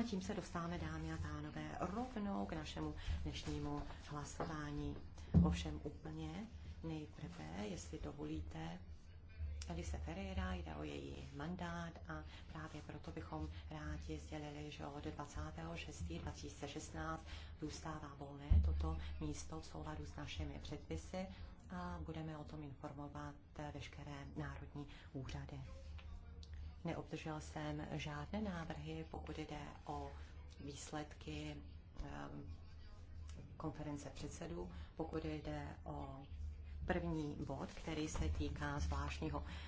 A tím se dostáváme, dámy a pánové, rovnou k našemu dnešnímu hlasování. Ovšem úplně nejprve, jestli dovolíte, Elise Ferreira, jde o její mandát a právě proto bychom rádi sdělili, že od 26.2016 zůstává volné toto místo v souladu s našimi předpisy a budeme o tom informovat veškeré národní Neobdržel jsem žádné návrhy, pokud jde o výsledky ehm, konference předsedů, pokud jde o první bod, který se týká zvláštního